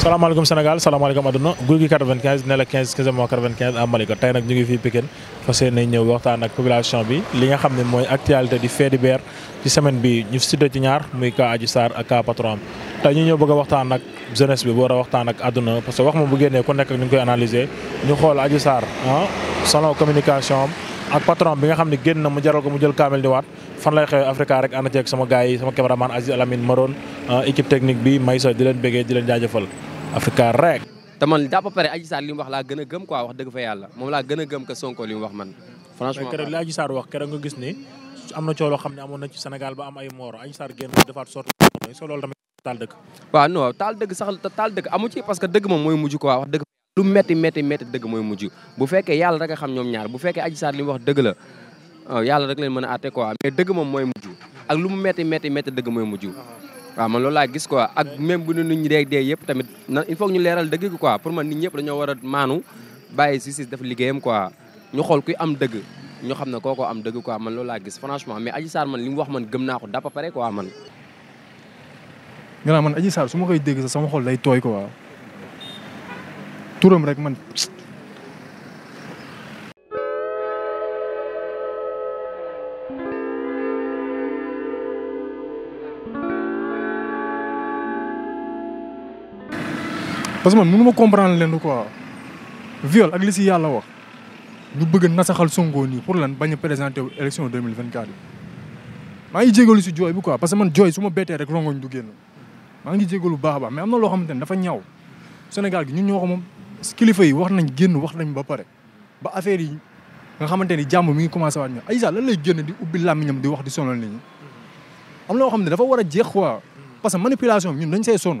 salaamaaleykum Sénégal salaamaaleykum àdduna guy gi 95 ne la 15 15 mois 95 Malika tey nag ñu ngi fii Pikine fas yéene ñëw waxtaan ak population bi li nga xam ne mooy actualité di fait divers ci semaine bi ñu cité ci ñaar muy cas Adji Sarr ak cas patron am ñu ñëw bëgg a waxtaan ak jeunesse bi bu war a waxtaan ak àdduna parce que wax ma bu génnee ku nekk ak ni ñu koy analyser ñu xool Adji Sarr ah communication ak patron bi nga xam ne génn na mu jaral ko mu jël kaamel di waat fan lay xewee Africa rek ànd ceeg Africa rek. te man daa ba pare Adji Sarr wax laa gën a gëm quoi wax dëgg fa yàlla moom laa gën a gëm que Sonko li mu wax man. franchement keroog li Adji Sarr wax keroog nga gis ne am na cooloo xam ne amoon na am ay moor Adji Sarr génn defaat sorti dëgg. waaw non parce que dëgg moom mooy mujj quoi wax dëgg. lu métti métti métti dëgg yàlla rek a xam ñoom ñaar bu fekkee Adji Sarr li mu wax dëgg la yàlla rek leen mën a àtte quoi mais dëgg moom mooy mujj ak lu mu métti métti métti dëgg mooy mujj waaw man loolu laa gis quoi ak même bu nu nit ñi dee dee yëpp tamit na il faut ñu leeral dëgg quoi pour man nit ñëpp dañoo war a maanu bàyyi justice def liggéeyam quoi ñu xool kuy am dëgg ñu xam ne kookoo am dëgg quoi man loolu laa gis franchement mais Adji Sarr man li mu wax man gëm naa ko dapa pare quoi man. nga man Adji Sarr su ma koy dégg sax sama xol lay tooy quoi turam rek man parce que man mënu ma comprendre leen quoi viol ak li si yàlla wax ñu bëgg nasaxal Sonko nii pour lan bañ a présenter wu élection vingt yi. maa ngi jégalu si jooy bu quoi parce que man jooy suma ma bettee rek rongoñ du génn a ngi jégalu baax a baax mais am na loo xamante ne dafa ñaw Sénégal gi ñu ñoo ko moom kilifa yi wax nañ génn wax nañ ba pare ba affaire yi nga xamante ni jàmm mi ngi commencé waat ñëw Aïssa lan lay génn di ubbi làmmiñam di wax di sonal nit loo xam ne dafa war a jeex quoi parce que manipulation ñun dañ see sonn.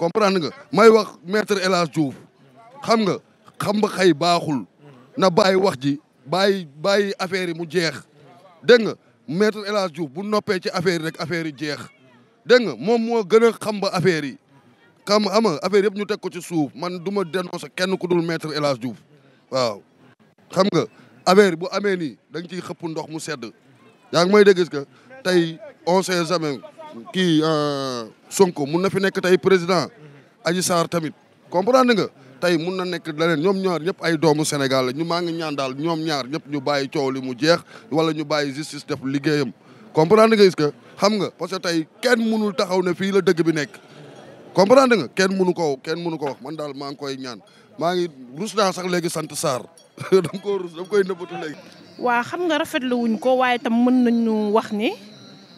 comprendre nga may wax maître El Hadj xam nga xam nga xëy baaxul na bàyyi wax ji bay bàyyi affaire yi mu jeex dégg nga maître El Hadj bu noppee ci affaire yi rek affaire yi jeex dégg nga moom moo gën a xam ba affaire yi xam ama affaire yëpp ñu teg ko ci suuf man du ma dénoncé kenn ku dul maître El Hadj waaw xam nga affaire bu amee nii da ci ciy xëpp ndox mu sedd yaa ngi may dégg que tey on sait jamais kii euh, Sonko mun na fi nekk tey président Adji Sarr tamit comprendre nga tey mun na nekk leneen ñoom ñaar ñëpp ay doomu Sénégal la ñu maa ngi daal ñoom ñaar ñëpp ñu bàyyi coow li mu jeex wala ñu bàyyi justice def liggéeyam comprendre nga est-ce xam nga parce que tey kenn mënul taxaw ne fii la dëgg bi nekk comprendre nga kenn mënu ko kenn mënu ko wax man daal maa ngi koy ñaan maa ngi rus naa sax léegi sant Sarr dam ko rus dam koy nëbbatu léegi. waa xam nga rafetlu wuñ ko waaye tam mën nañu wax ni.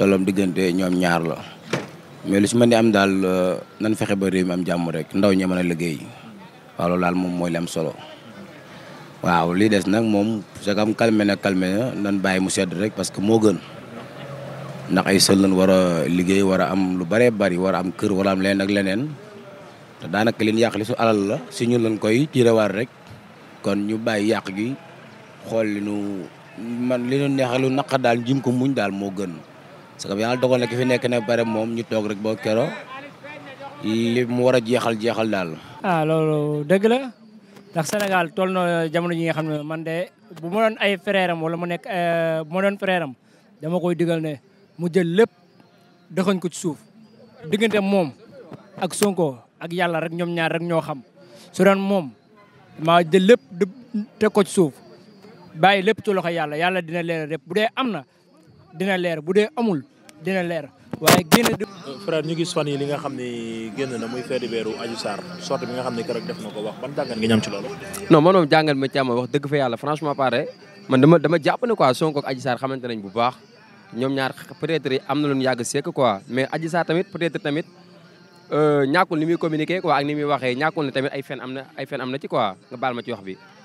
lolom digënté ñom ñaar la mais lu ci mëni am dal euh, nan fexé ba réew mi am jamm rek ndaw ña mëna liggéey wa dal mom moy lam solo waaw li dess nak mom sa kam calmé na calmé na nan bay mu sédd rek parce que mo gën nak ay seul lañ wara liggéey wara am lu bari bari wara am kër wala am lén ak lénen da daanaka li ñu yàq li su alal la si ñu lañ koy war rek kon ñu bay yaq gi xol li nu man li ñu neexalu naqa dal jim ko muñ dal mo gën parce que yàlla dogal na ki fi nekk ne bare moom ñu toog rek boo kero mu war a jeexal jeexal daal. ah loolu dëgg la senegal Sénégal toll na jamono ji nga xam ne man de bu ma ay frère wala mu nekk euh, bu doon frère am dama koy digal ne mu jël lépp dëxañ ko ci suuf diggante moom ak Sonko ak yàlla rek ñoom ñaar rek ñoo xam su moom maa jël lépp teg ko ci suuf bàyyi lépp ci loxo yàlla yàlla dina leeral lépp bu dee am dina leer bu dee amul dina leer waaye génn di. frère ñu gis fan yi li nga xam ne génn na muy feedu weeru Adji Sarr sorte bi nga xam ne keroog def na ko wax ban jàngat nga ñam ci loolu. non man moom ma ci am wax dëgg fa yàlla franchement pare man dama dama jàpp ne quoi Sonko ak Adji Sarr xamante bu baax ñoom ñaar peut-être am na lu ñu yàgg sekk quoi mais Adji Sarr tamit peut-être tamit. Euh, ñàkkul ni muy communiqué quoi ak ni muy waxee ñàkkul ne tamit ay fen am na ay fen na ci quoi baal ma ci wax bi